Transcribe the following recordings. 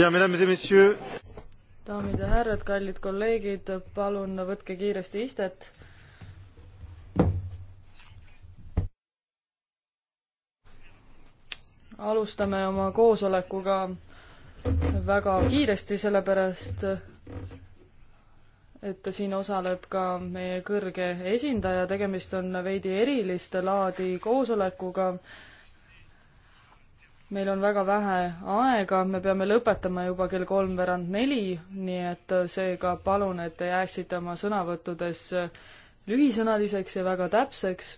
daamid ja härrad, kallid kolleegid, palun võtke kiiresti istet. alustame oma koosolekuga väga kiiresti, sellepärast et siin osaleb ka meie kõrge esindaja, tegemist on veidi erilist laadi koosolekuga meil on väga vähe aega, me peame lõpetama juba kell kolmveerand neli, nii et äh, seega palun, et te jääksite oma sõnavõttudes äh, lühisõnaliseks ja väga täpseks.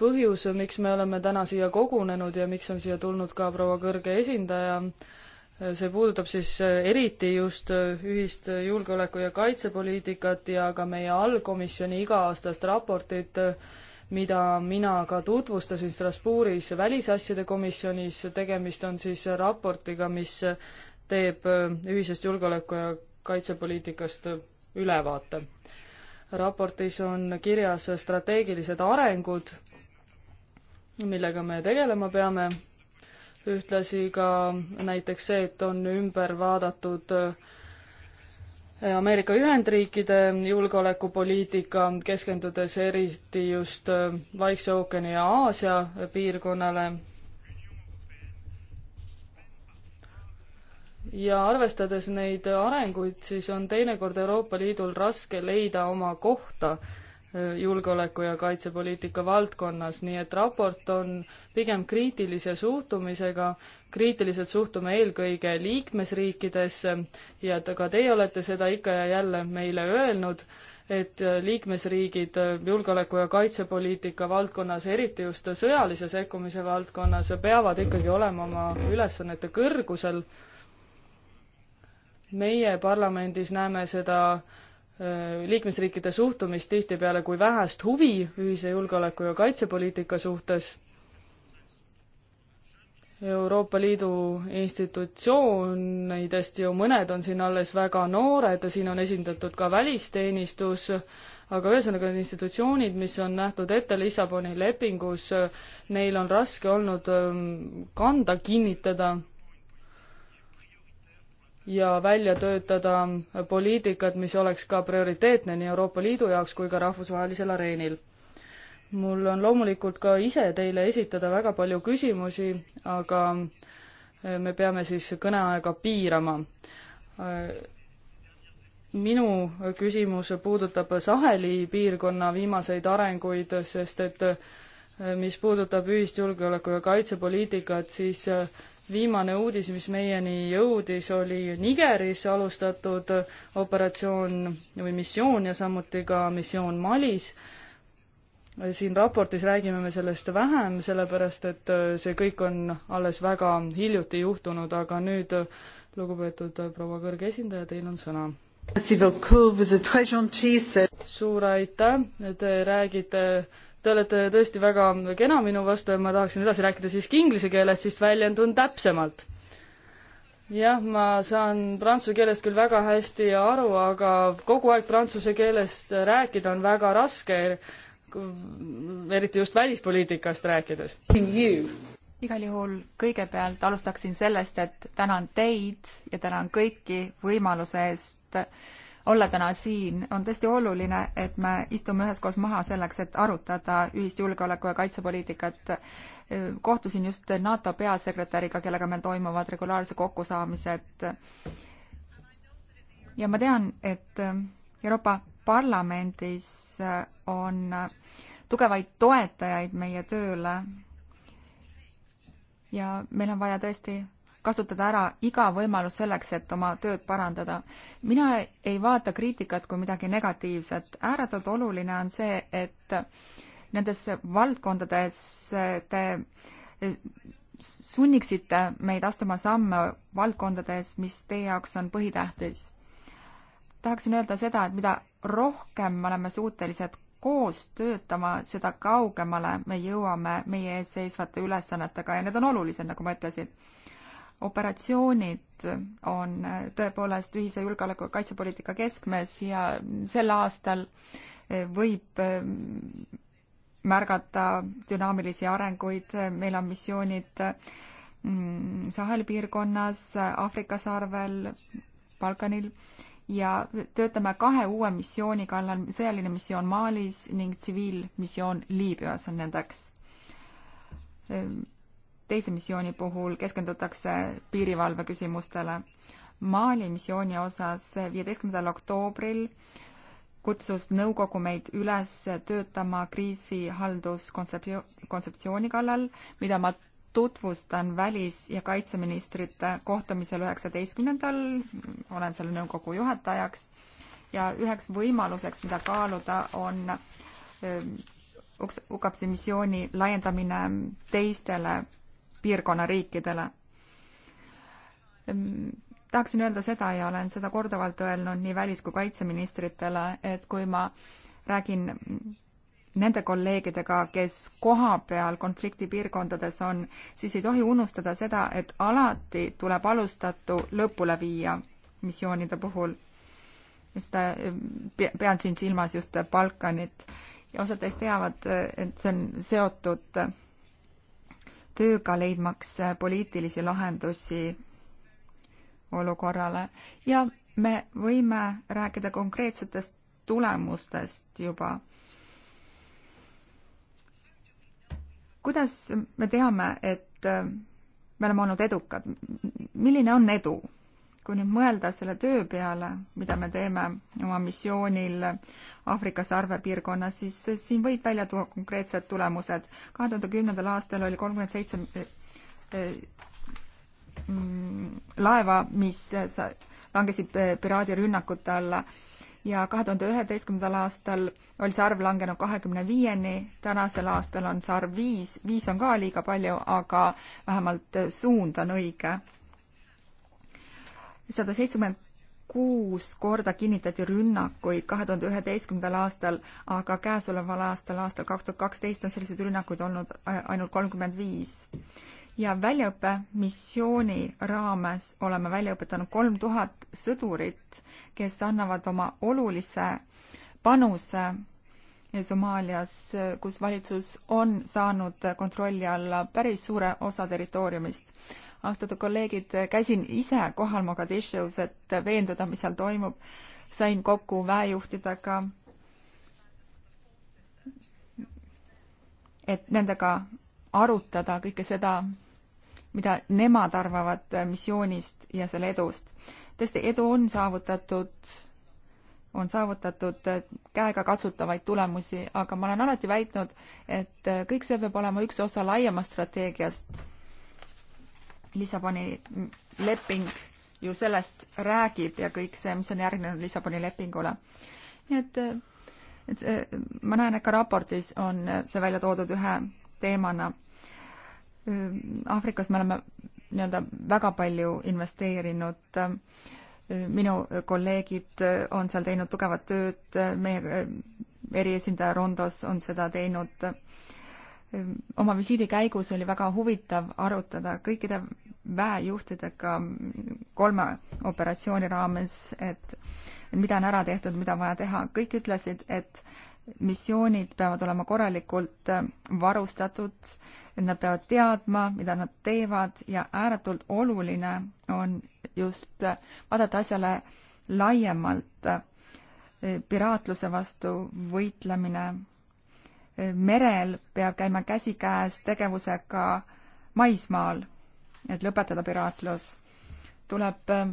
põhjus, miks me oleme täna siia kogunenud ja miks on siia tulnud ka proua kõrge esindaja, äh, see puudutab siis eriti just ühist julgeoleku- ja kaitsepoliitikat ja ka meie allkomisjoni iga-aastast raportit mida mina ka tutvustasin Strasbourgis välisasjade komisjonis, tegemist on siis raportiga, mis teeb äh, ühisest julgeoleku- ja kaitsepoliitikast äh, ülevaate. raportis on kirjas strateegilised arengud, millega me tegelema peame, ühtlasi ka näiteks see, et on ümber vaadatud äh, Ameerika Ühendriikide julgeolekupoliitika, keskendudes eriti just äh, Vaikse ookeani ja Aasia piirkonnale. ja arvestades neid arenguid, siis on teinekord Euroopa Liidul raske leida oma kohta julgeoleku- ja kaitsepoliitika valdkonnas, nii et raport on pigem kriitilise suhtumisega, kriitiliselt suhtume eelkõige liikmesriikidesse ja ka teie olete seda ikka ja jälle meile öelnud, et liikmesriigid julgeoleku- ja kaitsepoliitika valdkonnas, eriti just sõjalise sekkumise valdkonnas, peavad ikkagi olema oma ülesannete kõrgusel. meie parlamendis näeme seda Äh, liikmesriikide suhtumist tihtipeale kui vähest huvi ühise julgeoleku ja kaitsepoliitika suhtes. Euroopa Liidu institutsioonidest ju mõned on siin alles väga noored ja siin on esindatud ka välisteenistus, aga ühesõnaga need institutsioonid, mis on nähtud ette Lissaboni lepingus, neil on raske olnud ähm, kanda kinnitada ja välja töötada poliitikat, mis oleks ka prioriteetne nii Euroopa Liidu jaoks kui ka rahvusvahelisel areenil. mul on loomulikult ka ise teile esitada väga palju küsimusi, aga eh, me peame siis kõneaega piirama. Eh, minu küsimus puudutab Saheli piirkonna viimaseid arenguid, sest et eh, mis puudutab ühist julgeoleku- ja kaitsepoliitikat, siis viimane uudis, mis meieni jõudis, oli Nigeris alustatud operatsioon või missioon ja samuti ka missioon Malis. siin raportis räägime me sellest vähem, sellepärast et see kõik on alles väga hiljuti juhtunud, aga nüüd lugupeetud proua kõrge esindaja, teil on sõna. suur aitäh, te räägite Te olete tõesti väga kena minu vastu ja ma tahaksin edasi rääkida siiski inglise keeles, siis väljendun täpsemalt. jah, ma saan prantsuse keelest küll väga hästi aru, aga kogu aeg prantsuse keeles rääkida on väga raske, eriti just välispoliitikast rääkides. igal juhul kõigepealt alustaksin sellest, et tänan teid ja tänan kõiki võimaluse eest olla täna siin, on tõesti oluline, et me istume üheskoos maha selleks, et arutada ühist julgeoleku- ja kaitsepoliitikat. kohtusin just NATO peasekretäriga, kellega meil toimuvad regulaarse kokkusaamised. ja ma tean, et Euroopa Parlamendis on tugevaid toetajaid meie tööle ja meil on vaja tõesti kasutada ära iga võimalus selleks, et oma tööd parandada. mina ei vaata kriitikat kui midagi negatiivset, ääretult oluline on see, et nendes valdkondades te e, sunniksite meid astuma samme valdkondades, mis teie jaoks on põhitähtis. tahaksin öelda seda, et mida rohkem me oleme suutelised koos töötama, seda kaugemale me jõuame meie ees seisvate ülesannetega ja need on olulised, nagu ma ütlesin operatsioonid on tõepoolest ühise julgeoleku- ja kaitsepoliitika keskmes ja sel aastal võib ehm, märgata dünaamilisi arenguid, meil on missioonid mm, Saheli piirkonnas, Aafrika sarvel, Balkanil ja töötame kahe uue missiooni kallal, sõjaline missioon Malis ning tsiviilmissioon Liibüas on nendeks ehm, teise missiooni puhul keskendutakse piirivalve küsimustele. Mali missiooni osas viieteistkümnendal oktoobril kutsus nõukogu meid üles töötama kriisihalduskontseptsiooni kontseptsiooni kallal, mida ma tutvustan välis- ja kaitseministrite kohtumisel üheksateistkümnendal, olen selle nõukogu juhatajaks, ja üheks võimaluseks, mida kaaluda, on eh, UKAPS-i missiooni laiendamine teistele piirkonna riikidele. tahaksin öelda seda ja olen seda korduvalt öelnud nii välis- kui kaitseministritele, et kui ma räägin nende kolleegidega, kes kohapeal konfliktipiirkondades on, siis ei tohi unustada seda, et alati tuleb alustatu lõpule viia missioonide puhul. seda pean siin silmas just Balkanit ja osad teist teavad, et see on seotud tööga leidmaks poliitilisi lahendusi olukorrale ja me võime rääkida konkreetsetest tulemustest juba. kuidas me teame, et me oleme olnud edukad? milline on edu? kui nüüd mõelda selle töö peale, mida me teeme oma missioonil Aafrika sarvepiirkonnas, siis siin võib välja tuua konkreetsed tulemused. kahe tuhande kümnendal aastal oli kolmkümmend seitse mm, laeva, mis langesid piraadirünnakute alla ja kahe tuhande üheteistkümnendal aastal oli see arv langenud kahekümne viieni, tänasel aastal on see arv viis, viis on ka liiga palju, aga vähemalt suund on õige sada seitsekümmend kuus korda kinnitati rünnakuid kahe tuhande üheteistkümnendal aastal, aga käesoleval aastal, aastal kaks tuhat kaksteist on selliseid rünnakuid olnud ainult kolmkümmend viis. ja väljaõppemissiooni raames oleme välja õpetanud kolm tuhat sõdurit, kes annavad oma olulise panuse Somaalias, kus valitsus on saanud kontrolli alla päris suure osa territooriumist austatud kolleegid, käisin ise kohal Mogadishus, et veenduda, mis seal toimub. sain kokku väejuhtidega. et nendega arutada kõike seda, mida nemad arvavad missioonist ja selle edust. tõesti, edu on saavutatud on saavutatud käegakatsutavaid tulemusi, aga ma olen alati väitnud, et kõik see peab olema üks osa laiemast strateegiast. Lissaboni leping ju sellest räägib ja kõik see, mis on järgnenud Lissaboni lepingule. nii et, et see, ma näen, et ka raportis on see välja toodud ühe teemana. Aafrikas me oleme nii-öelda väga palju investeerinud. minu kolleegid on seal teinud tugevat tööd, meie eriesindaja Rondos on seda teinud oma visiidi käigus oli väga huvitav arutada kõikide väejuhtidega kolme operatsiooni raames, et mida on ära tehtud, mida on vaja teha. kõik ütlesid, et missioonid peavad olema korralikult äh, varustatud, et nad peavad teadma, mida nad teevad ja ääretult oluline on just äh, vaadata asjale laiemalt, äh, piraatluse vastu võitlemine merel peab käima käsikäes tegevusega maismaal, et lõpetada piraatlus. tuleb äh,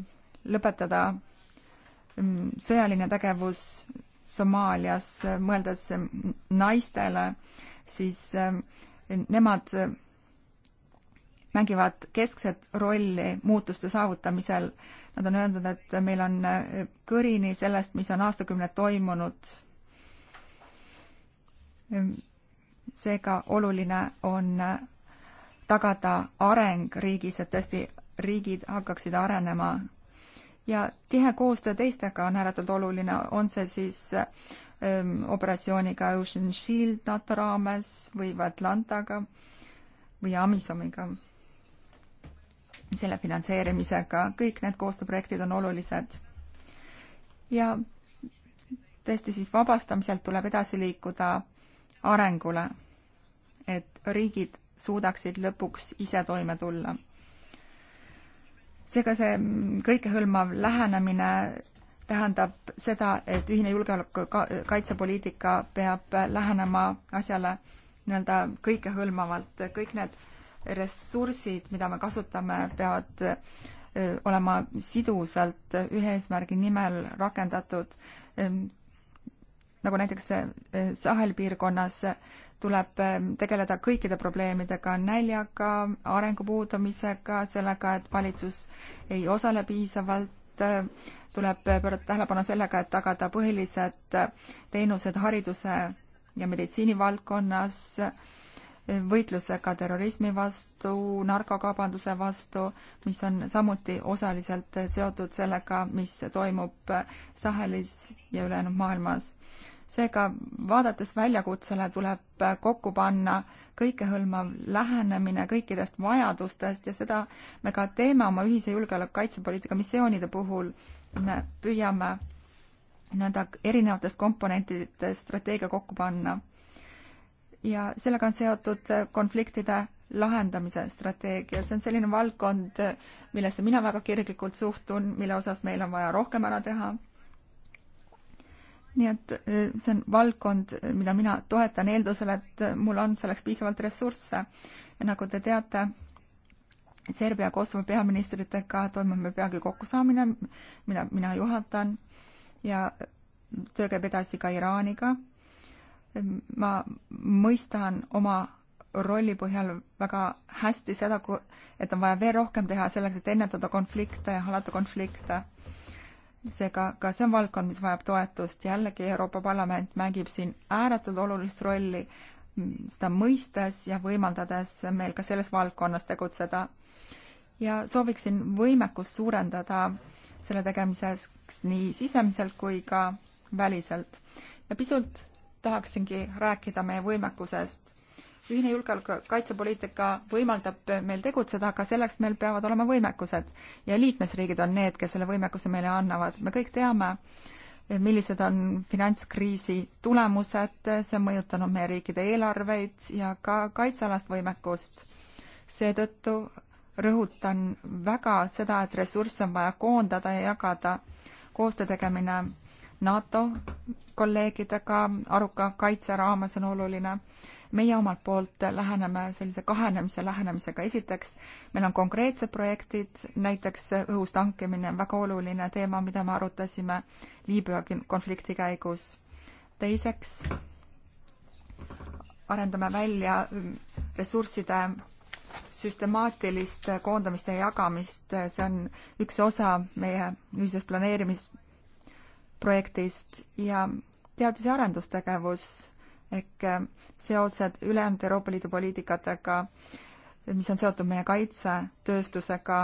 lõpetada mm, sõjaline tegevus Somaalias, äh, mõeldes äh, naistele, siis nemad mängivad keskset rolli muutuste saavutamisel. Nad on öelnud, et meil on kõrini sellest, mis on aastakümneid toimunud Ehm, seega oluline on äh, tagada areng riigis, et tõesti riigid hakkaksid arenema ja tihe koostöö teistega on ääretult oluline, on see siis ähm, operatsiooniga Ocean Shield NATO raames või Atlantaga või Amisomiga, selle finantseerimisega, kõik need koostööprojektid on olulised. ja tõesti siis vabastamiselt tuleb edasi liikuda arengule, et riigid suudaksid lõpuks ise toime tulla. seega see kõikehõlmav lähenemine tähendab seda, et ühine julgeoleku kaitsepoliitika peab lähenema asjale nii-öelda kõikehõlmavalt, kõik need ressursid, mida me kasutame, peavad olema sidusalt ühe eesmärgi nimel rakendatud nagu näiteks eh, Sahel piirkonnas eh, tuleb eh, tegeleda kõikide probleemidega, näljaga, arengu puudumisega, sellega, et valitsus ei osale piisavalt, tuleb pöörata tähelepanu sellega, et tagada põhilised teenused hariduse ja meditsiini valdkonnas, võitlusega terrorismi vastu, narkokaubanduse vastu, mis on samuti osaliselt seotud sellega, mis toimub Sahelis ja ülejäänud maailmas. seega vaadates väljakutsele, tuleb kokku panna kõikehõlmav lähenemine kõikidest vajadustest ja seda me ka teeme oma ühise julgeoleku kaitsepoliitika missioonide puhul. me püüame nii-öelda erinevatest komponentidest strateegia kokku panna ja sellega on seotud äh, konfliktide lahendamise strateegia, see on selline valdkond, äh, millesse mina väga kirglikult suhtun, mille osas meil on vaja rohkem ära teha. nii et äh, see on valdkond, mida mina toetan eeldusel, et mul on selleks piisavalt ressursse. nagu te teate, Serbia ja Kosovo peaministritega toimub meil peagi kokkusaamine, mida mina juhatan ja töö käib edasi ka Iraaniga ma mõistan oma rolli põhjal väga hästi seda, et on vaja veel rohkem teha selleks, et ennetada konflikte ja halata konflikte. seega ka see on valdkond, mis vajab toetust, jällegi Euroopa Parlament mängib siin ääretult olulist rolli, seda mõistes ja võimaldades meil ka selles valdkonnas tegutseda. ja sooviksin võimekust suurendada selle tegemiseks nii sisemiselt kui ka väliselt. ja pisut tahaksingi rääkida meie võimekusest. ühine julgeoleku kaitsepoliitika võimaldab meil tegutseda, aga selleks meil peavad olema võimekused ja liikmesriigid on need, kes selle võimekuse meile annavad. me kõik teame, millised on finantskriisi tulemused, see on mõjutanud meie riikide eelarveid ja ka kaitsealast võimekust. seetõttu rõhutan väga seda, et ressursse on vaja koondada ja jagada. koostöö tegemine NATO kolleegidega aruka kaitse raames on oluline. meie omalt poolt läheneme sellise kahenemise lähenemisega, esiteks meil on konkreetsed projektid, näiteks õhus tankimine on väga oluline teema, mida me arutasime Liibüa konflikti käigus. teiseks arendame välja ressursside süstemaatilist koondamist ja jagamist, see on üks osa meie ühisest planeerimis- projektist ja teadus- ja arendustegevus ehk äh, seosed ülejäänud Euroopa Liidu poliitikatega, mis on seotud meie kaitsetööstusega,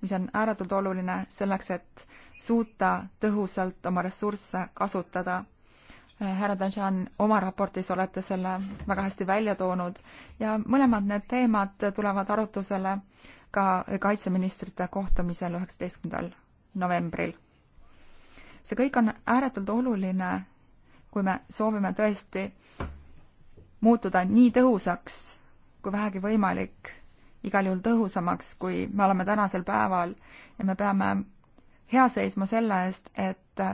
mis on ääretult oluline selleks, et suuta tõhusalt oma ressursse kasutada. Äh, härra Danjan, oma raportis olete selle väga hästi välja toonud ja mõlemad need teemad tulevad arutusele ka kaitseministrite kohtumisel üheksateistkümnendal novembril see kõik on ääretult oluline, kui me soovime tõesti muutuda nii tõhusaks kui vähegi võimalik, igal juhul tõhusamaks, kui me oleme tänasel päeval ja me peame hea seisma selle eest, et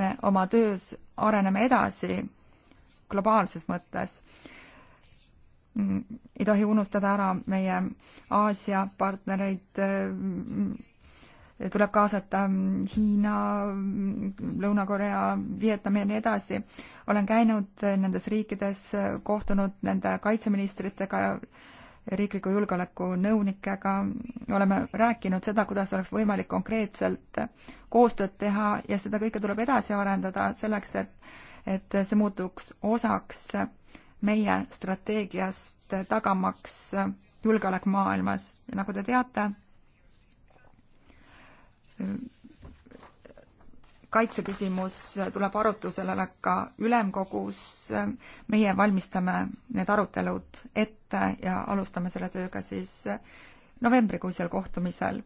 me oma töös areneme edasi globaalses mõttes. Mm, ei tohi unustada ära meie Aasia partnereid, mm, tuleb kaasata mm, Hiina, mm, Lõuna-Korea, Vietnam ja nii edasi. olen käinud äh, nendes riikides, äh, kohtunud nende kaitseministritega, riikliku julgeoleku nõunikega, oleme rääkinud seda, kuidas oleks võimalik konkreetselt äh, koostööd teha ja seda kõike tuleb edasi arendada selleks, et, et see muutuks osaks meie strateegiast tagamaks julgeolek maailmas ja nagu te teate, kaitseküsimus tuleb arutusele ka ülemkogus, meie valmistame need arutelud ette ja alustame selle tööga siis novembrikuisel kohtumisel.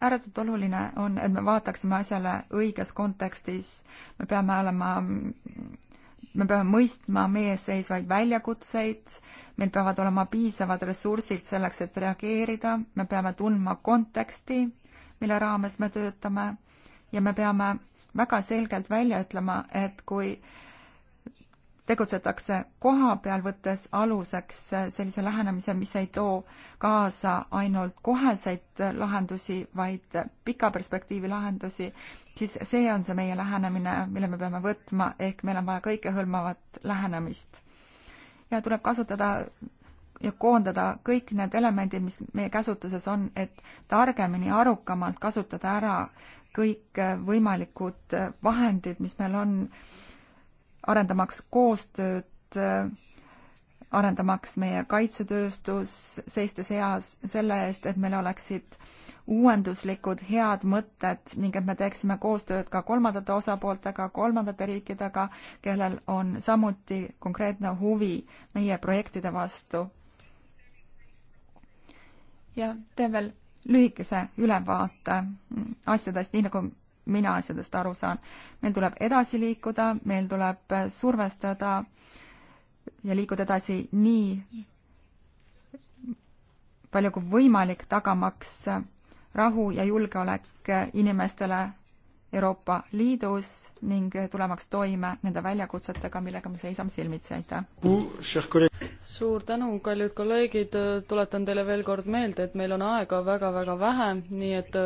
ääretult oluline on, et me vaataksime asjale õiges kontekstis, me peame olema me peame mõistma meie ees seisvaid väljakutseid, meil peavad olema piisavad ressursid selleks, et reageerida, me peame tundma konteksti, mille raames me töötame ja me peame väga selgelt välja ütlema, et kui tegutsetakse koha peal, võttes aluseks sellise lähenemise, mis ei too kaasa ainult koheseid lahendusi, vaid pika perspektiivi lahendusi, siis see on see meie lähenemine, mille me peame võtma, ehk meil on vaja kõikehõlmavat lähenemist. ja tuleb kasutada ja koondada kõik need elemendid, mis meie käsutuses on, et targemini, arukamalt kasutada ära kõik äh, võimalikud äh, vahendid, mis meil on, arendamaks koostööd, äh, arendamaks meie kaitsetööstus, seistes heas selle eest, et meil oleksid uuenduslikud head mõtted ning et me teeksime koostööd ka kolmandate osapooltega, kolmandate riikidega, kellel on samuti konkreetne huvi meie projektide vastu ja teen veel lühikese ülevaate asjadest, nii nagu mina asjadest aru saan. meil tuleb edasi liikuda, meil tuleb survestada ja liikuda edasi nii palju kui võimalik, tagamaks rahu ja julgeolek inimestele Euroopa Liidus ning tulemaks toime nende väljakutsetega, millega me seisame silmitsi, aitäh! suur tänu, kallid kolleegid, tuletan teile veel kord meelde, et meil on aega väga-väga vähe, nii et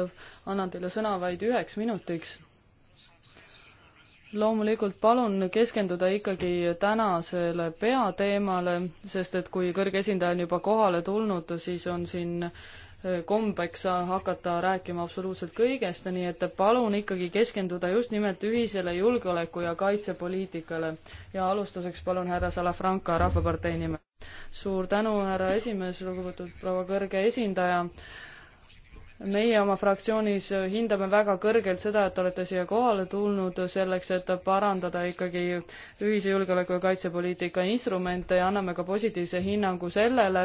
annan teile sõna vaid üheks minutiks. loomulikult palun keskenduda ikkagi tänasele peateemale, sest et kui kõrge esindaja on juba kohale tulnud, siis on siin kombeks hakata rääkima absoluutselt kõigest, nii et palun ikkagi keskenduda just nimelt ühisele julgeoleku- ja kaitsepoliitikale. ja alustuseks palun härra Salafranca Rahvapartei nimel. suur tänu, härra esimees, lugupeetud proua kõrge esindaja meie oma fraktsioonis hindame väga kõrgelt seda, et olete siia kohale tulnud selleks, et parandada ikkagi ühise julgeoleku ja kaitsepoliitika instrumente ja anname ka positiivse hinnangu sellele,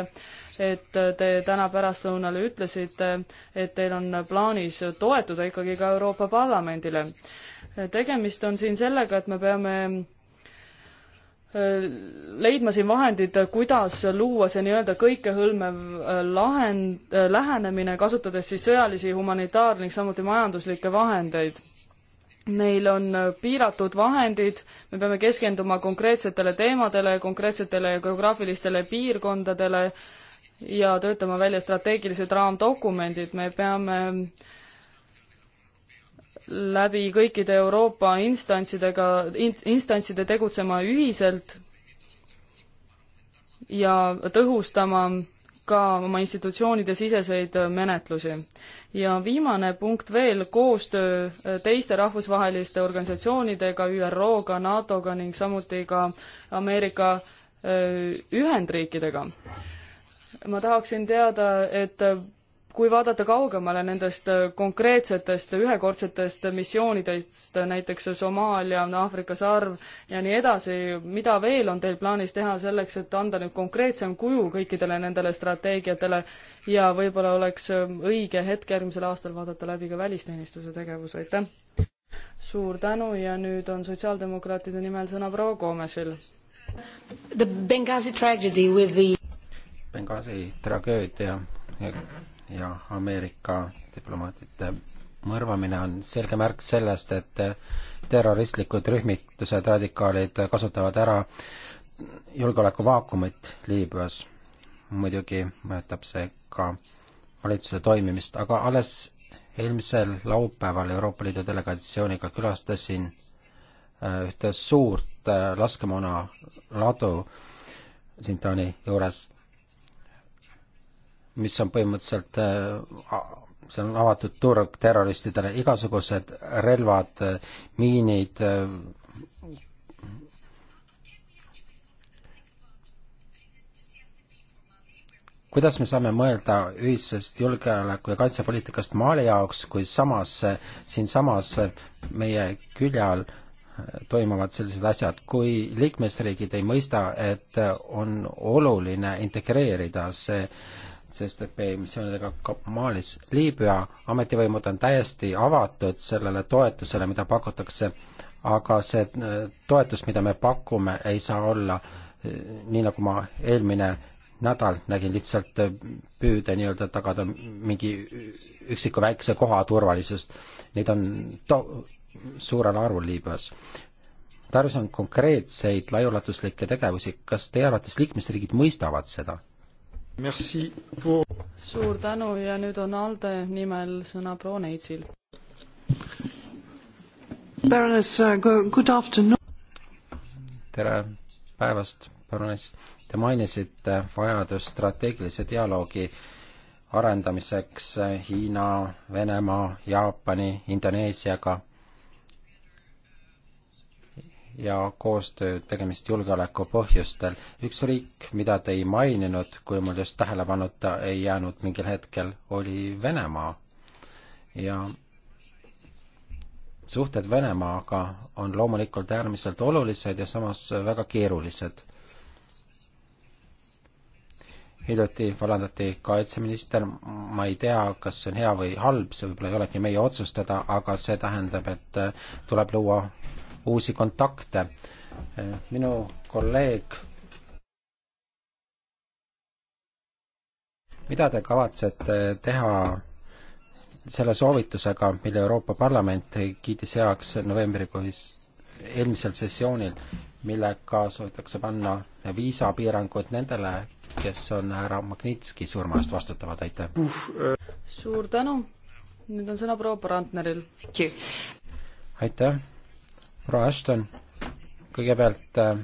et te täna pärastlõunal ütlesite, et teil on plaanis toetuda ikkagi ka Euroopa Parlamendile. tegemist on siin sellega, et me peame leidma siin vahendid, kuidas luua see nii-öelda kõikehõlmev äh, lahend, äh, lähenemine, kasutades siis sõjalisi, humanitaar- ning samuti majanduslikke vahendeid. Neil on äh, piiratud vahendid, me peame keskenduma konkreetsetele teemadele, konkreetsetele geograafilistele piirkondadele ja töötama välja strateegilised raamdokumendid, me peame äh, läbi kõikide Euroopa instantsidega, instantside tegutsema ühiselt ja tõhustama ka oma institutsioonide siseseid menetlusi. ja viimane punkt veel, koostöö teiste rahvusvaheliste organisatsioonidega, ÜRO-ga, NATO-ga ning samuti ka Ameerika Ühendriikidega. ma tahaksin teada, et kui vaadata kaugemale nendest äh, konkreetsetest ühekordsetest missioonidest, äh, näiteks Somaalia, Aafrika sarv ja nii edasi, mida veel on teil plaanis teha selleks, et anda nüüd konkreetsem kuju kõikidele nendele strateegiatele ja võib-olla oleks äh, õige hetk järgmisel aastal vaadata läbi ka välisteenistuse tegevus, aitäh! suur tänu ja nüüd on sotsiaaldemokraatide nimel sõna proua Koomesil. The Benghazi tragedy with the Benghazi tragöödia ja Ameerika diplomaatide mõrvamine on selge märk sellest, et terroristlikud rühmitused, radikaalid kasutavad ära julgeolekuvaakumit Liibüas. muidugi mõjutab see ka valitsuse toimimist, aga alles eelmisel laupäeval Euroopa Liidu delegatsiooniga külastasin äh, ühte suurt äh, laskemoonaladu Tsintani juures mis on põhimõtteliselt, äh, see on avatud turg terroristidele, igasugused relvad, äh, miinid, äh, kuidas me saame mõelda ühisest julgeoleku- ja kaitsepoliitikast Mali jaoks, kui samas, siinsamas meie külje all toimuvad sellised asjad, kui liikmesriigid ei mõista, et on oluline integreerida see äh, CSTP missioonidega Malis. Liibüa ametivõimud on täiesti avatud sellele toetusele, mida pakutakse, aga see äh, toetus, mida me pakume, ei saa olla äh, nii, nagu ma eelmine nädal nägin, lihtsalt äh, püüde nii-öelda tagada mingi üksiku väikse koha turvalisust. Neid on to-, suurel arvul Liibüas tarvis on konkreetseid laiaulatuslikke tegevusi, kas teie arvates liikmesriigid mõistavad seda? Pour... suur tänu ja nüüd on ALDE nimel sõna proua Neitsil. Uh, tere päevast, baroness. Te mainisite vajadust strateegilise dialoogi arendamiseks uh, Hiina, Venemaa, Jaapani, Indoneesiaga ja koostöö tegemist julgeoleku põhjustel. üks riik, mida te ei maininud, kui mul just tähelepanuta ei jäänud mingil hetkel, oli Venemaa. ja suhted Venemaaga on loomulikult äärmiselt olulised ja samas väga keerulised. hiljuti vallandati kaitseminister, ma ei tea, kas see on hea või halb, see võib-olla ei olegi meie otsustada, aga see tähendab, et tuleb luua uusi kontakte. minu kolleeg mida te kavatsete teha selle soovitusega, mille Euroopa Parlament kiitis heaks novembrikuis eelmisel sessioonil, millega soovitakse panna viisapiirangud nendele, kes on härra Magnitski surma eest vastutavad, aitäh! Äh. suur tänu, nüüd on sõna proua Brandneril. aitäh! proua Ashton, kõigepealt äh,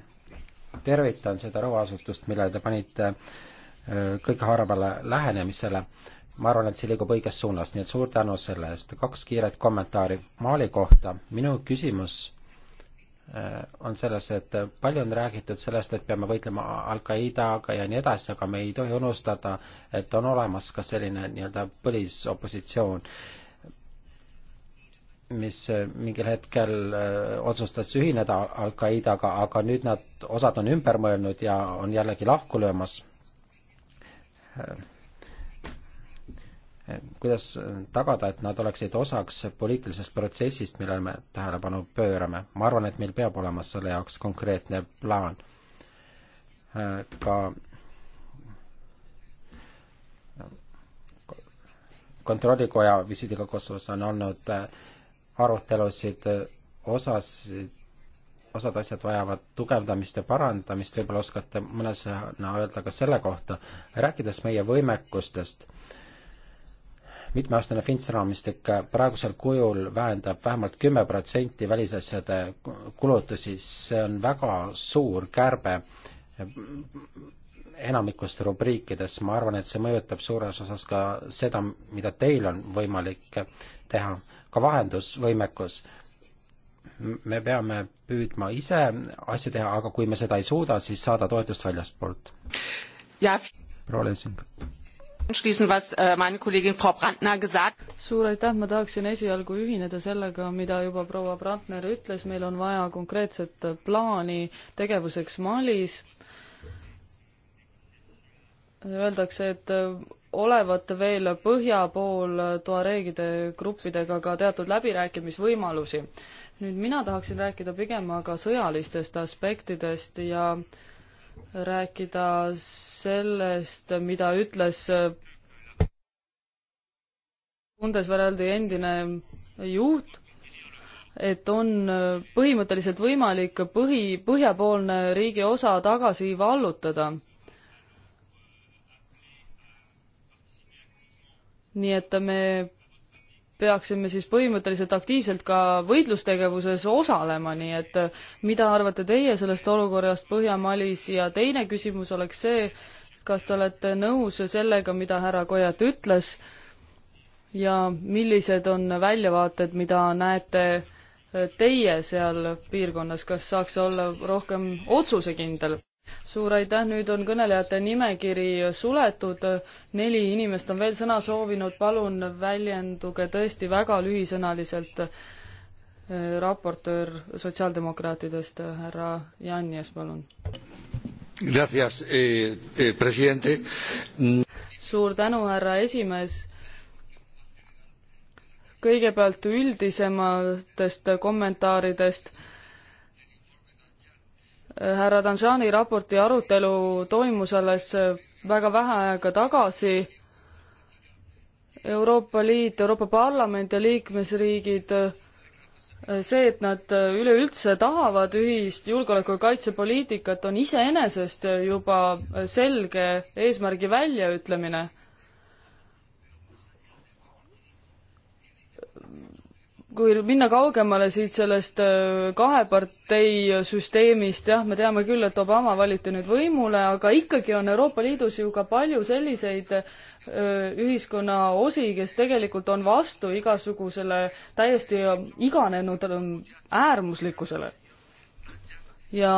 tervitan seda rõhuasutust, mille te panite äh, kõikehaarabale lähenemisele. ma arvan, et see liigub õiges suunas, nii et suur tänu selle eest. kaks kiiret kommentaari Mali kohta. minu küsimus äh, on selles, et palju on räägitud sellest, et peame võitlema Al-Qaidaga ja nii edasi, aga me ei tohi unustada, et on olemas ka selline nii-öelda põlisopositsioon mis äh, mingil hetkel äh, otsustas ühineda Al-Qaidaga, aga nüüd nad, osad on ümber mõelnud ja on jällegi lahku löömas. Äh, kuidas tagada, et nad oleksid osaks poliitilisest protsessist, millele me tähelepanu pöörame? ma arvan, et meil peab olema selle jaoks konkreetne plaan. ka kontrollikoja visiidiga Kosovos on olnud äh, arutelusid, eh, osas, osad asjad vajavad tugevdamist ja parandamist, võib-olla oskate mõne sõna öelda ka selle kohta, rääkides meie võimekustest mitmeaastane finantsraamistik eh, praegusel kujul vähendab vähemalt kümme protsenti välisasjade kulutusi, see on väga suur kärbe eh, enamikust rubriikides, ma arvan, et see mõjutab suures osas ka seda, mida teil on võimalik teha ka vahendusvõimekus. me peame püüdma ise asju teha, aga kui me seda ei suuda, siis saada toetust väljastpoolt. proua Lensing anschließen, was äh, meine Kollegin Frau Brandner gesagt suur aitäh, ma tahaksin esialgu ühineda sellega, mida juba proua Brandner ütles, meil on vaja konkreetset plaani tegevuseks Malis. Öeldakse, et olevat veel põhja pool tuareegide gruppidega ka teatud läbirääkimisvõimalusi. nüüd mina tahaksin rääkida pigem aga sõjalistest aspektidest ja rääkida sellest, mida ütles Bundesveraldi endine juht, et on põhimõtteliselt võimalik põhi, põhjapoolne riigi osa tagasi vallutada nii et me peaksime siis põhimõtteliselt aktiivselt ka võitlustegevuses osalema, nii et mida arvate teie sellest olukorrast Põhja-Malis ja teine küsimus oleks see, kas te olete nõus sellega, mida härra Kojat ütles ja millised on väljavaated, mida näete teie seal piirkonnas, kas saaks olla rohkem otsusekindel? suur aitäh, nüüd on kõnelejate nimekiri suletud, neli inimest on veel sõna soovinud, palun väljenduge tõesti väga lühisõnaliselt. Äh, raportöör sotsiaaldemokraatidest, äh, härra Janjes, palun. Gracias eh,, eh, presidente. Mm. suur tänu, härra esimees kõigepealt üldisematest kommentaaridest härra Danjani raporti arutelu toimus alles väga vähe aega tagasi. Euroopa Liit, Euroopa Parlament ja liikmesriigid, see, et nad üleüldse tahavad ühist julgeoleku- ja kaitsepoliitikat, on iseenesest juba selge eesmärgi väljaütlemine kui minna kaugemale siit sellest äh, kahe partei süsteemist, jah, me teame küll, et Obama valiti nüüd võimule, aga ikkagi on Euroopa Liidus ju ka palju selliseid äh, ühiskonna osi, kes tegelikult on vastu igasugusele täiesti iganenud äh, äärmuslikkusele. ja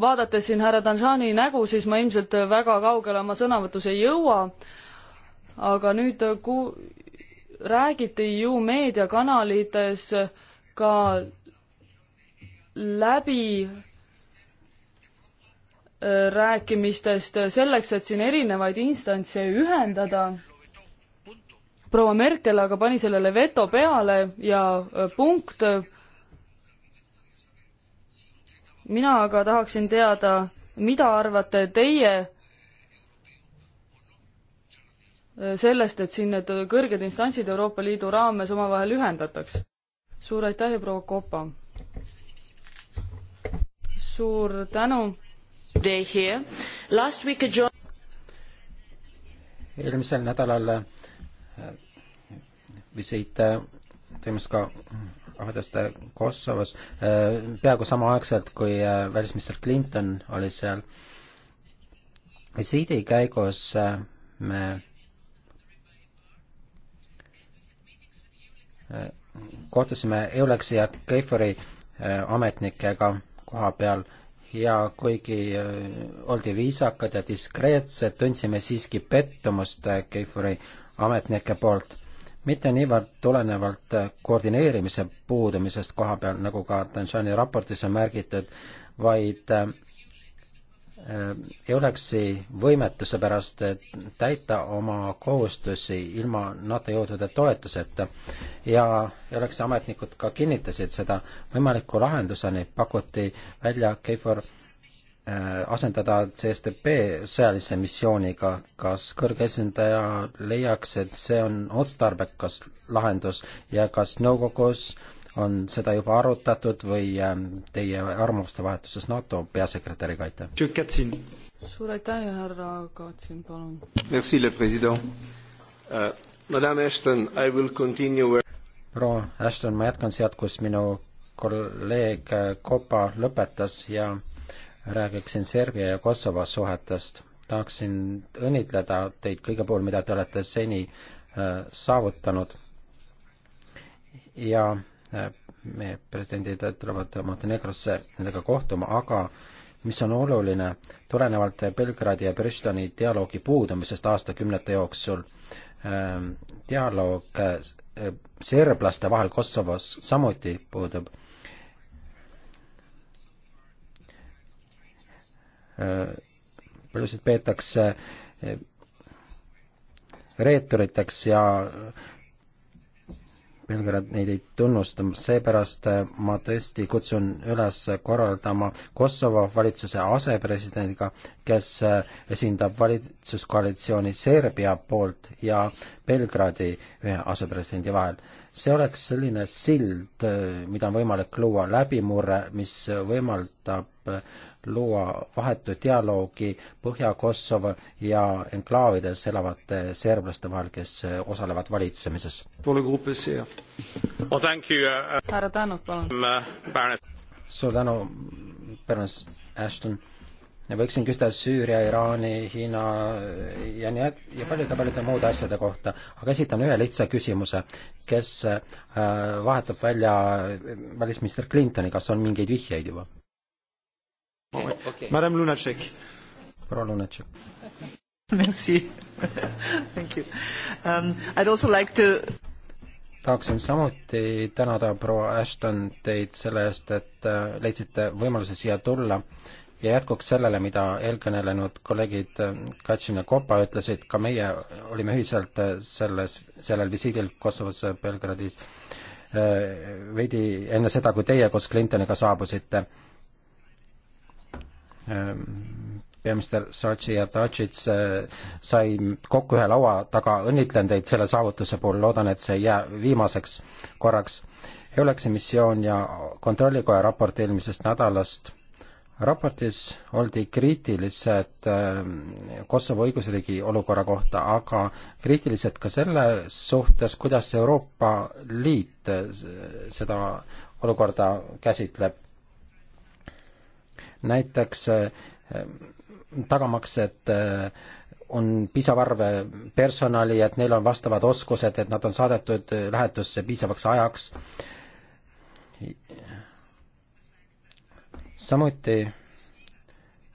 vaadates siin härra Danjani nägu, siis ma ilmselt väga kaugele oma sõnavõtus ei jõua aga nüüd ku-, räägiti ju meediakanalites ka läbi äh, rääkimistest selleks, et siin erinevaid instantse ühendada. proua Merkel aga pani sellele veto peale ja äh, punkt. mina aga tahaksin teada, mida arvate teie sellest, et siin need kõrged instantsid Euroopa Liidu raames omavahel ühendataks. suur aitäh ja proua Kopa! suur tänu! eelmisel nädalal äh, visiit äh, toimus ka vahetuste äh, Kosovos peaaegu samaaegselt, kui välisminister Clinton oli seal. visiidi käigus me kohtusime Euleksi ja Keifori äh, ametnikega koha peal ja kuigi äh, oldi viisakad ja diskreetsed, tundsime siiski pettumust äh, Keifori ametnike poolt. mitte niivõrd tulenevalt koordineerimise puudumisest koha peal, nagu ka Tanšani raportis on märgitud, vaid Äh, ei oleksi võimetuse pärast täita oma kohustusi ilma NATO jõudude toetuseta ja ei oleks ametnikud ka kinnitasid seda võimaliku lahenduseni, pakuti välja KFOR äh, asendada CSTP sõjalise missiooniga, kas kõrge esindaja leiaks, et see on otstarbekas lahendus ja kas nõukogus äh, on seda juba arutatud või ähm, teie arvamuste vahetuses NATO peasekretäriga, aitäh! suur aitäh ja härra Katsin, palun! Merci, le president uh,! Madame Ashton, I will continue where proua Ashton, ma jätkan sealt, kus minu kolleeg äh, Kopa lõpetas ja räägiksin Serbia ja Kosovo suhetest. tahaksin õnnitleda teid kõige puhul, mida te olete seni äh, saavutanud. ja meie presidendid tulevad Montenegrosse nendega kohtuma, aga mis on oluline, tulenevalt Belgradi ja Brüsseli dialoogi puudumisest aastakümnete jooksul, ähm, dialoog äh, serblaste vahel Kosovos samuti puudub. Äh, paljusid peetakse äh, reeturiteks ja Belgrad neid ei tunnustanud, seepärast äh, ma tõesti kutsun üles korraldama Kosovo valitsuse asepresidendiga, kes äh, esindab valitsuskoalitsiooni Serbia poolt ja Belgradi ühe asepresidendi vahel see oleks selline sild, mida on võimalik luua, läbimurre, mis võimaldab luua vahetu dialoogi Põhja-Kosovo ja enklaavides elavate serblaste vahel, kes osalevad valitsemises. Uh, uh, härra Tänuk, palun. Um, uh, suur tänu, Bernas Ashton võiksin küsida Süüria, Iraani, Hiina ja nii, ja paljude-paljude muude asjade kohta, aga esitan ühe lihtsa küsimuse. kes äh, vahetab välja äh, välisminister Clintoni, kas on mingeid vihjeid juba okay.? Madame Lunatšek. proua Lunatšek. Merci Thank you um,. I'd also like to tahaksin samuti tänada proua Ashton teid selle eest, et äh, leidsite võimaluse siia tulla uh, ja jätkuks sellele, mida eelkõnelenud kolleegid äh, Katšin ja Kopa ütlesid, ka meie olime ühiselt äh, selles, sellel visiidil Kosovos, äh, Belgradis, veidi enne seda, kui teie koos Clintoniga saabusite ähm, peaminister Sartši ja Tadžits sai kokku ühe laua taga, õnnitlen teid selle saavutuse puhul, loodan, et see ei jää viimaseks korraks. EULEX-i missioon ja Kontrollikoja raport eelmisest nädalast raportis oldi kriitilised ähm, Kosovo õigusriigi olukorra kohta, aga kriitilised ka selle suhtes, kuidas Euroopa Liit äh, seda olukorda käsitleb. näiteks äh, tagamaks, et äh, on piisav arv personali, et neil on vastavad oskused, et nad on saadetud lähetusse piisavaks ajaks samuti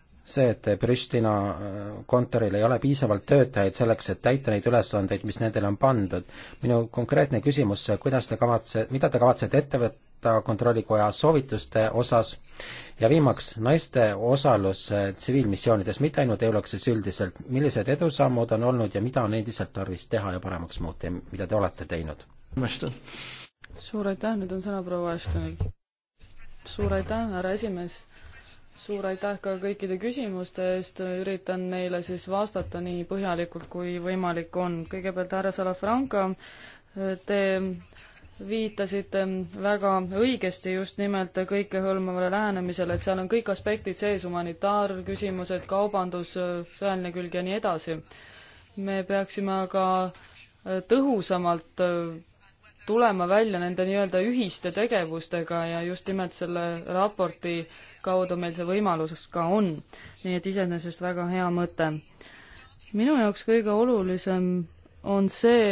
see, et Pristina äh, kontoril ei ole piisavalt töötajaid selleks, et täita neid ülesandeid, mis nendele on pandud. minu konkreetne küsimus, kuidas te kavatse, mida te kavatsete ette võtta kontrollikoja soovituste osas ja viimaks, naiste osalus äh, tsiviilmissioonides, mitte ainult EULAX-is üldiselt, millised edusammud on olnud ja mida on endiselt tarvis teha ja paremaks muuta ja mida te olete teinud? suur aitäh, nüüd on sõna proua Ashtonil suur aitäh, härra esimees. suur aitäh ka kõikide küsimuste eest, üritan neile siis vastata nii põhjalikult, kui võimalik on. kõigepealt härra Salafranca, te viitasite väga õigesti just nimelt kõikehõlmavale lähenemisele, et seal on kõik aspektid sees, humanitaarküsimused, kaubandus, sõjaline külg ja nii edasi. me peaksime aga tõhusamalt tulema välja nende nii-öelda ühiste tegevustega ja just nimelt selle raporti kaudu meil see võimalus ka on. nii et iseenesest väga hea mõte. minu jaoks kõige olulisem on see,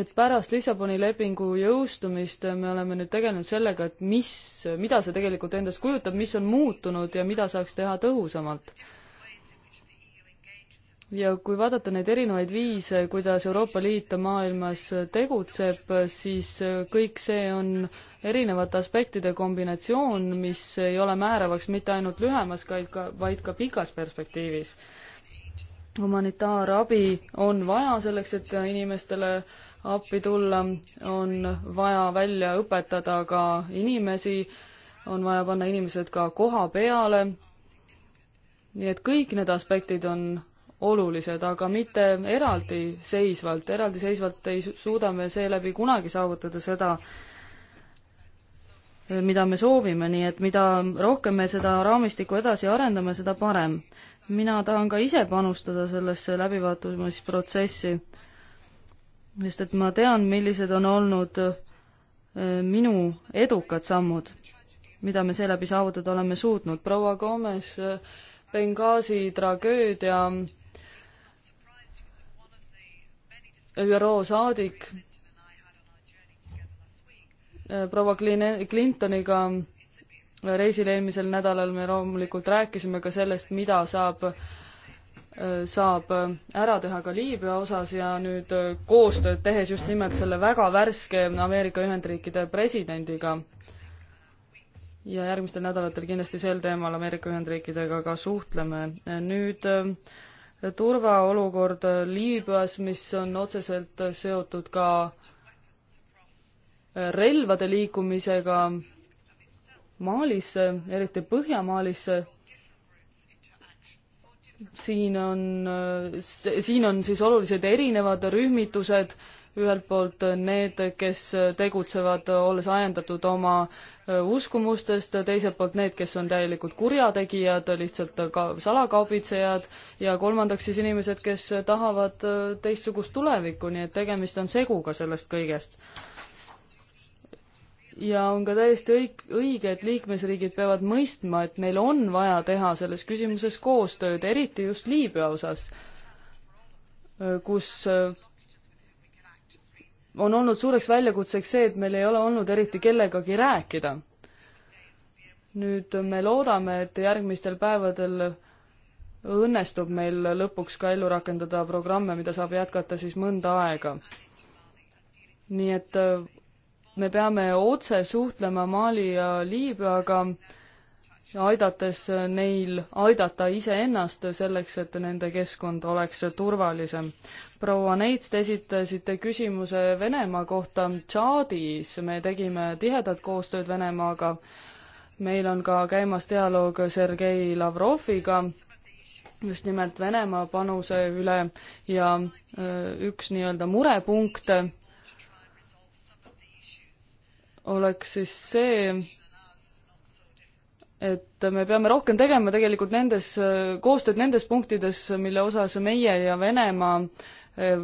et pärast Lissaboni lepingu jõustumist me oleme nüüd tegelenud sellega, et mis, mida see tegelikult endast kujutab, mis on muutunud ja mida saaks teha tõhusamalt ja kui vaadata neid erinevaid viise, kuidas Euroopa Liit maailmas tegutseb, siis kõik see on erinevate aspektide kombinatsioon, mis ei ole määravaks mitte ainult lühemas, vaid ka, vaid ka pikas perspektiivis. humanitaarabi on vaja selleks, et inimestele appi tulla, on vaja välja õpetada ka inimesi, on vaja panna inimesed ka koha peale, nii et kõik need aspektid on olulised, aga mitte eraldiseisvalt, eraldiseisvalt ei suuda me seeläbi kunagi saavutada seda, mida me soovime, nii et mida rohkem me seda raamistikku edasi arendame, seda parem. mina tahan ka ise panustada sellesse läbivaatamisprotsessi, sest et ma tean, millised on olnud eh, minu edukad sammud, mida me seeläbi saavutada oleme suutnud. proua Gomes eh, Benghazi tragöödia ÜRO saadik äh, proua Clintoniga reisil eelmisel nädalal me loomulikult rääkisime ka sellest, mida saab, äh, saab äh, ära teha ka Liibüa osas ja nüüd koostööd tehes just nimelt selle väga värske Ameerika Ühendriikide presidendiga. ja järgmistel nädalatel kindlasti sel teemal Ameerika Ühendriikidega ka suhtleme. nüüd turvaolukord Liibüas, mis on otseselt seotud ka relvade liikumisega Maalisse, eriti Põhja-Maalisse. siin on, siin on siis olulised erinevad rühmitused ühelt poolt need, kes tegutsevad, olles ajendatud oma äh, uskumustest, teiselt poolt need, kes on täielikud kurjategijad, lihtsalt ka salakaubitsejad, ja kolmandaks siis inimesed, kes tahavad äh, teistsugust tulevikku, nii et tegemist on seguga sellest kõigest ja on ka täiesti õig-, õige, et liikmesriigid peavad mõistma, et neil on vaja teha selles küsimuses koostööd, eriti just Liibüa osas, äh, kus on olnud suureks väljakutseks see, et meil ei ole olnud eriti kellegagi rääkida. nüüd me loodame, et järgmistel päevadel õnnestub meil lõpuks ka ellu rakendada programme, mida saab jätkata siis mõnda aega. nii et me peame otse suhtlema Mali ja Liibüaga aidates neil aidata iseennast selleks, et nende keskkond oleks turvalisem. proua Neits, te esitasite küsimuse Venemaa kohta Tšaadis, me tegime tihedat koostööd Venemaaga, meil on ka käimas dialoog Sergei Lavroviga, just nimelt Venemaa panuse üle ja äh, üks nii-öelda murepunkt oleks siis see, et me peame rohkem tegema tegelikult nendes, koostööd nendes punktides, mille osas meie ja Venemaa eh,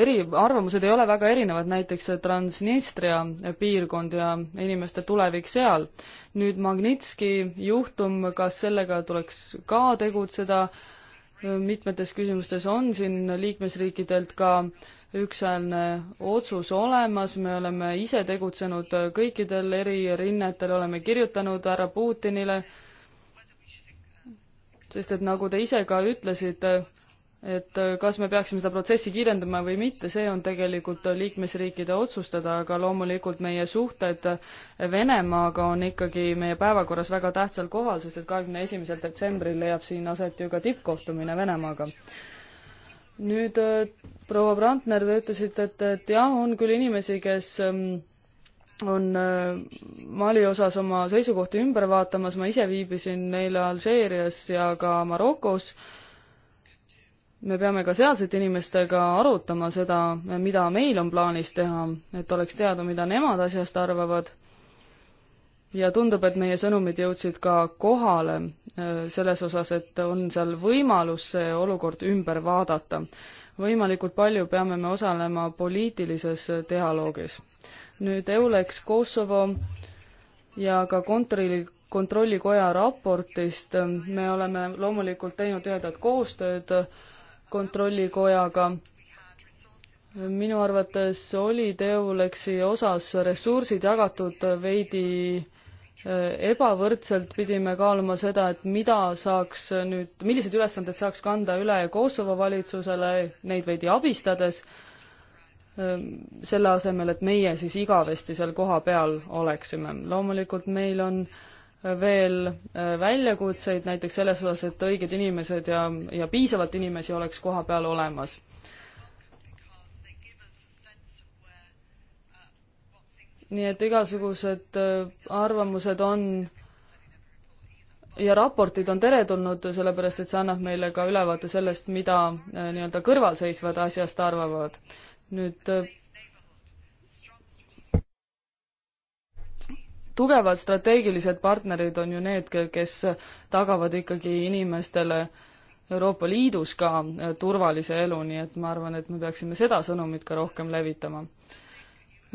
eri, arvamused ei ole väga erinevad, näiteks Transnistria piirkond ja inimeste tulevik seal. nüüd Magnitski juhtum, kas sellega tuleks ka tegutseda, mitmetes küsimustes on siin liikmesriikidelt ka äh, üks on äh, otsus olemas, me oleme ise tegutsenud äh, kõikidel eri rinnetel, oleme kirjutanud härra Putinile, sest et nagu te ise ka ütlesite, et äh, kas me peaksime seda protsessi kiirendama või mitte, see on tegelikult liikmesriikide otsustada, aga loomulikult meie suhted Venemaaga on ikkagi meie päevakorras väga tähtsal kohal, sest et kahekümne esimesel detsembril leiab siin aset ju ka tippkohtumine Venemaaga nüüd äh, proua Brandner, te ütlesite, et, et jah, on küll inimesi, kes ähm, on äh, Mali osas oma seisukohti ümber vaatamas, ma ise viibisin neile Alžeerias ja ka Marokos, me peame ka sealsete inimestega arutama seda, mida meil on plaanis teha, et oleks teada, mida nemad asjast arvavad ja tundub, et meie sõnumid jõudsid ka kohale äh, selles osas, et on seal võimalus see olukord ümber vaadata. võimalikult palju peame me osalema poliitilises äh, dialoogis. nüüd Eulex Kosovo ja ka kontori, kontrollikoja raportist äh, me oleme loomulikult teinud tihedat koostööd kontrollikojaga minu arvates olid EULEX-i osas ressursid jagatud veidi Äh, ebavõrdselt pidime kaaluma seda, et mida saaks nüüd, millised ülesanded saaks kanda üle Kosovo valitsusele, neid veidi abistades, ähm, selle asemel, et meie siis igavesti seal kohapeal oleksime. loomulikult meil on äh, veel äh, väljakutseid, näiteks selles osas, et õiged inimesed ja, ja piisavalt inimesi oleks kohapeal olemas nii et igasugused äh, arvamused on ja raportid on teretulnud, sellepärast et see annab meile ka ülevaate sellest, mida äh, nii-öelda kõrvalseisvad asjast arvavad. nüüd äh, tugevad strateegilised partnerid on ju need, kes tagavad ikkagi inimestele Euroopa Liidus ka turvalise elu, nii et ma arvan, et me peaksime seda sõnumit ka rohkem levitama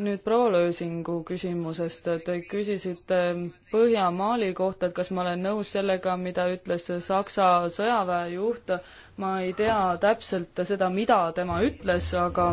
nüüd proua Lösingu küsimusest, te küsisite Põhja-Mali kohta, et kas ma olen nõus sellega, mida ütles Saksa sõjaväejuht. ma ei tea täpselt seda, mida tema ütles, aga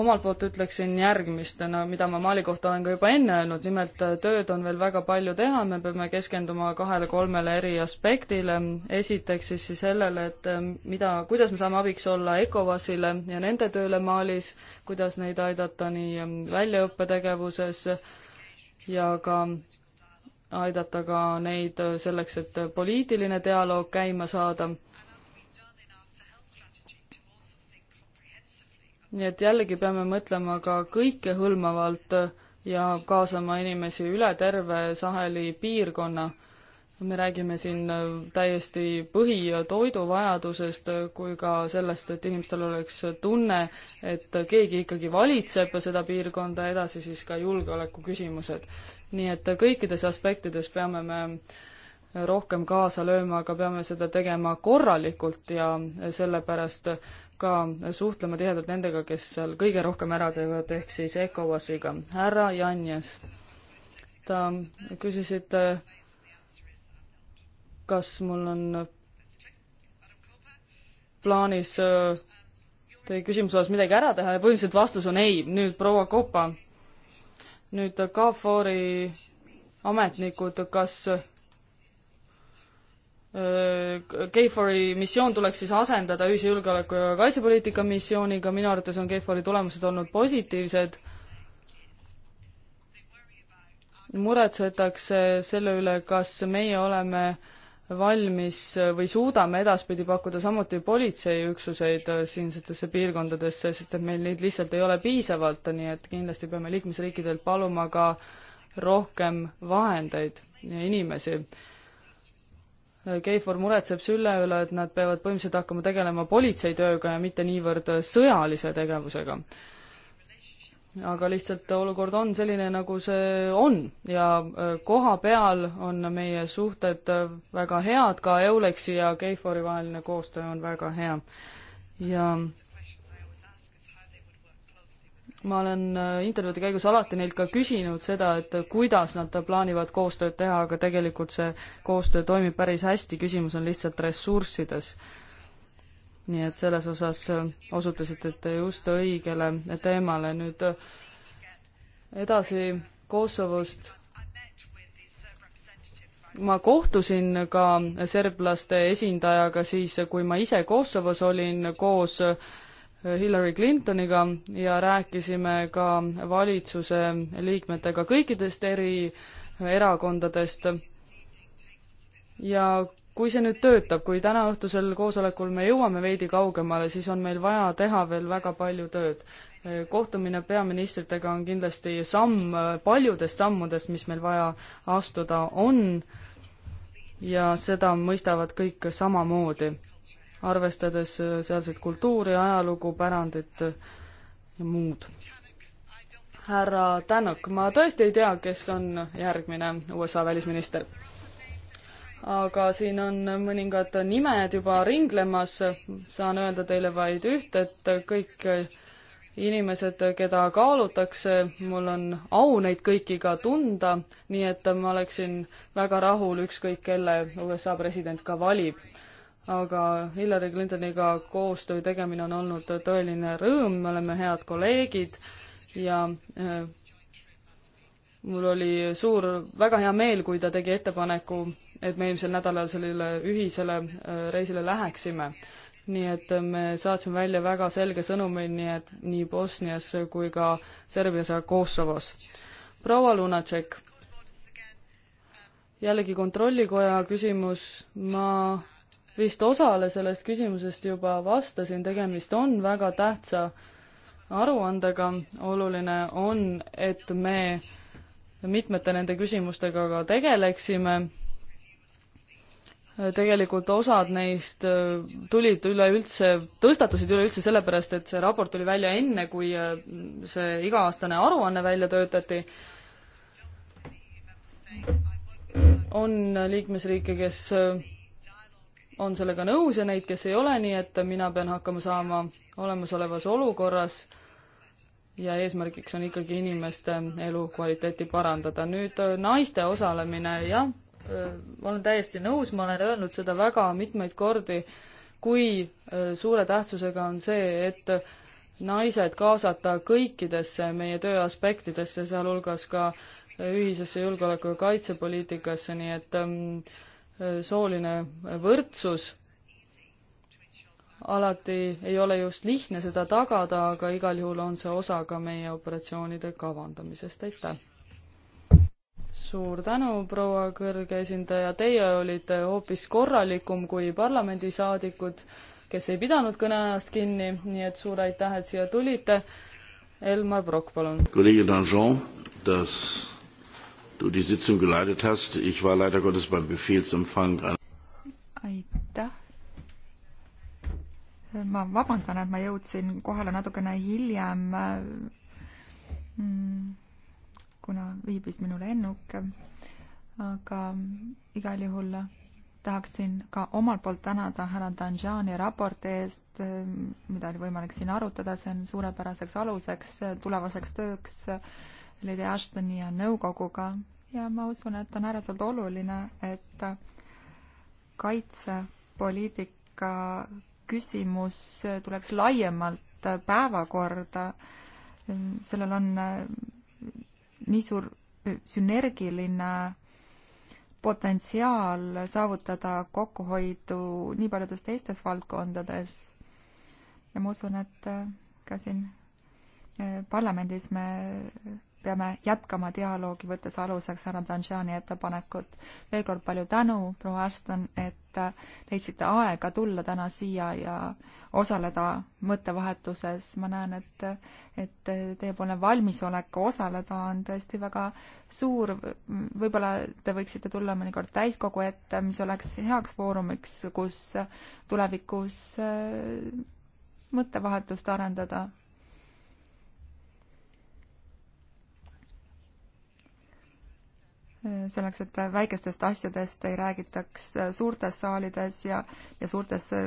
omalt poolt ütleksin järgmist, no mida ma Mali kohta olen ka juba enne öelnud, nimelt äh, tööd on veel väga palju teha, me peame keskenduma kahele-kolmele eri aspektile, esiteks siis sellele, et äh, mida, kuidas me saame abiks olla ECOWASile ja nende tööle Malis, kuidas neid aidata nii ähm, väljaõppetegevuses ja ka aidata ka neid äh, selleks, et poliitiline dialoog käima saada nii et jällegi peame mõtlema ka kõikehõlmavalt ja kaasama inimesi üle terve Saheli piirkonna. me räägime siin täiesti põhi- ja toiduvajadusest kui ka sellest, et inimestel oleks tunne, et keegi ikkagi valitseb seda piirkonda edasi, siis ka julgeoleku küsimused. nii et kõikides aspektides peame me rohkem kaasa lööma, aga peame seda tegema korralikult ja sellepärast ka suhtlema tihedalt nendega, kes seal kõige rohkem ära teevad, ehk siis ECOWAS-iga. härra Janjes, ta küsisite, kas mul on plaanis äh, teie küsimuse osas midagi ära teha ja põhimõtteliselt vastus on ei. nüüd proua Kopa, nüüd KFOR-i ametnikud, kas KFOR-i missioon tuleks siis asendada ühise julgeoleku ja kaitsepoliitika missiooniga, minu arvates on KFOR-i tulemused olnud positiivsed. muretsetakse selle üle, kas meie oleme valmis või suudame edaspidi pakkuda samuti politseiüksuseid siinsetesse piirkondadesse, sest et meil neid lihtsalt ei ole piisavalt, nii et kindlasti peame liikmesriikidelt paluma ka rohkem vahendeid ja inimesi KFOR muretseb selle üle, et nad peavad põhimõtteliselt hakkama tegelema politseitööga ja mitte niivõrd sõjalise tegevusega. aga lihtsalt olukord on selline, nagu see on ja äh, koha peal on meie suhted äh, väga head, ka Eulexi ja KFOR-i vaheline koostöö on väga hea. ja ma olen äh, intervjuude käigus alati neilt ka küsinud seda, et kuidas nad plaanivad koostööd teha, aga tegelikult see koostöö toimib päris hästi, küsimus on lihtsalt ressurssides. nii et selles osas äh, osutasite just õigele teemale, nüüd äh, edasi Kosovost. ma kohtusin ka serblaste esindajaga siis, kui ma ise Kosovos olin koos äh, Hillary Clintoniga ja rääkisime ka valitsuse liikmetega kõikidest eri erakondadest. ja kui see nüüd töötab, kui täna õhtusel koosolekul me jõuame veidi kaugemale, siis on meil vaja teha veel väga palju tööd. kohtumine peaministritega on kindlasti samm paljudest sammudest, mis meil vaja astuda on ja seda mõistavad kõik samamoodi arvestades äh, sealset kultuuri, ajalugu, pärandit ja muud. härra Tänak, ma tõesti ei tea, kes on järgmine USA välisminister. aga siin on mõningad nimed juba ringlemas, saan öelda teile vaid üht, et kõik inimesed, keda kaalutakse, mul on au neid kõiki ka tunda, nii et ma oleksin väga rahul, ükskõik kelle USA president ka valib aga Hillary Clintoniga koostöö tegemine on olnud tõeline rõõm, me oleme head kolleegid ja äh, mul oli suur, väga hea meel, kui ta tegi ettepaneku, et me eelmisel nädalal sellele ühisele äh, reisile läheksime. nii et me saatsime välja väga selge sõnumi, nii et nii Bosnias kui ka Serbias ja Kosovos. proua Lunatšek jällegi Kontrollikoja küsimus, ma vist osale sellest küsimusest juba vastasin, tegemist on väga tähtsa aruandega, oluline on, et me mitmete nende küsimustega ka tegeleksime tegelikult osad neist tulid üleüldse, tõstatusid üleüldse sellepärast, et see raport tuli välja enne, kui see iga-aastane aruanne välja töötati. on liikmesriike, kes on sellega nõus ja neid, kes ei ole, nii et mina pean hakkama saama olemasolevas olukorras ja eesmärgiks on ikkagi inimeste elukvaliteeti parandada. nüüd äh, naiste osalemine, jah, ma äh, olen täiesti nõus, ma olen öelnud seda väga mitmeid kordi, kui äh, suure tähtsusega on see, et naised kaasata kõikidesse meie töö aspektidesse, sealhulgas ka ühisesse julgeoleku- ja kaitsepoliitikasse, nii et ähm, sooline võrdsus. alati ei ole just lihtne seda tagada, aga igal juhul on see osa ka meie operatsioonide kavandamisest, aitäh! suur tänu, proua kõrge esindaja, teie olite hoopis korralikum kui parlamendisaadikud, kes ei pidanud kõneajast kinni, nii et suur aitäh, et siia tulite. Elmar Brokk, palun. kolleeg Danjon, das du die Sitzung geleitet hast. Ich war leider Gottes beim Befehlsempfang an. aitäh. ma vabandan, et ma jõudsin kohale natukene hiljem, mm, kuna viibis minu lennuk, aga igal juhul tahaksin ka omalt poolt tänada härra Danjani raporti eest, mm, mida oli võimalik siin arutada, see on suurepäraseks aluseks tulevaseks tööks äh, Lady Ashtoni ja nõukoguga ja ma usun, et on ääretult oluline, et kaitsepoliitika küsimus tuleks laiemalt päevakorda. sellel on nii suur sünergiline potentsiaal saavutada kokkuhoidu nii paljudes teistes valdkondades. ja ma usun, et ka siin parlamendis me peame jätkama dialoogi, võttes aluseks härra Danjani ettepanekut. veel kord palju tänu, proua Ashton, et leidsite aega tulla täna siia ja osaleda mõttevahetuses. ma näen, et, et teiepoolne valmisolek osaleda on tõesti väga suur. võib-olla te võiksite tulla mõnikord täiskogu ette, mis oleks heaks foorumiks, kus tulevikus mõttevahetust arendada selleks, et väikestest asjadest ei räägitaks äh, suurtes saalides ja, ja suurtes äh,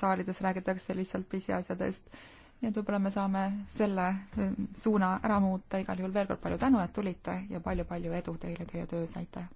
saalides räägitakse lihtsalt pisiasjadest. nii et võib-olla me saame selle äh, suuna ära muuta, igal juhul veel kord palju tänu, et tulite ja palju-palju edu teile teie töös, aitäh!